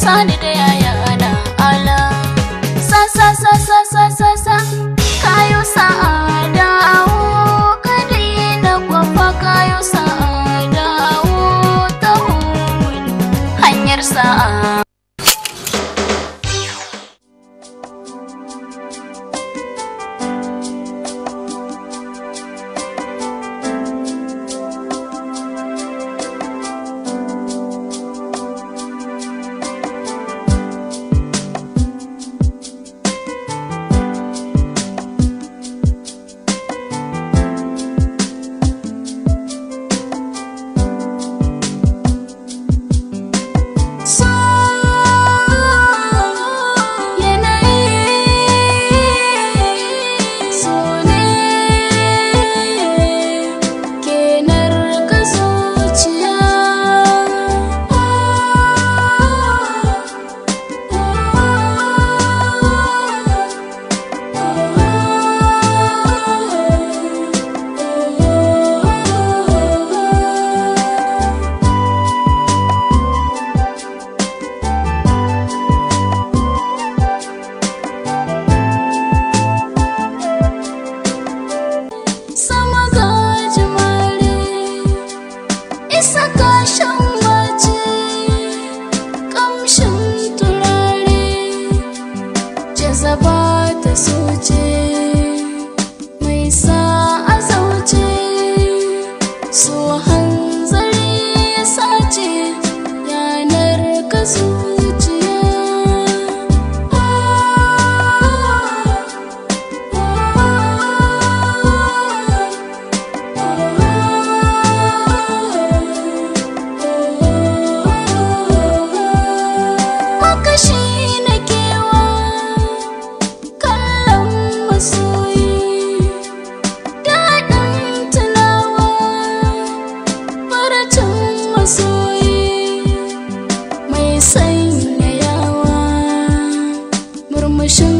sani da sa sa sa sa essa tocha um mơ sương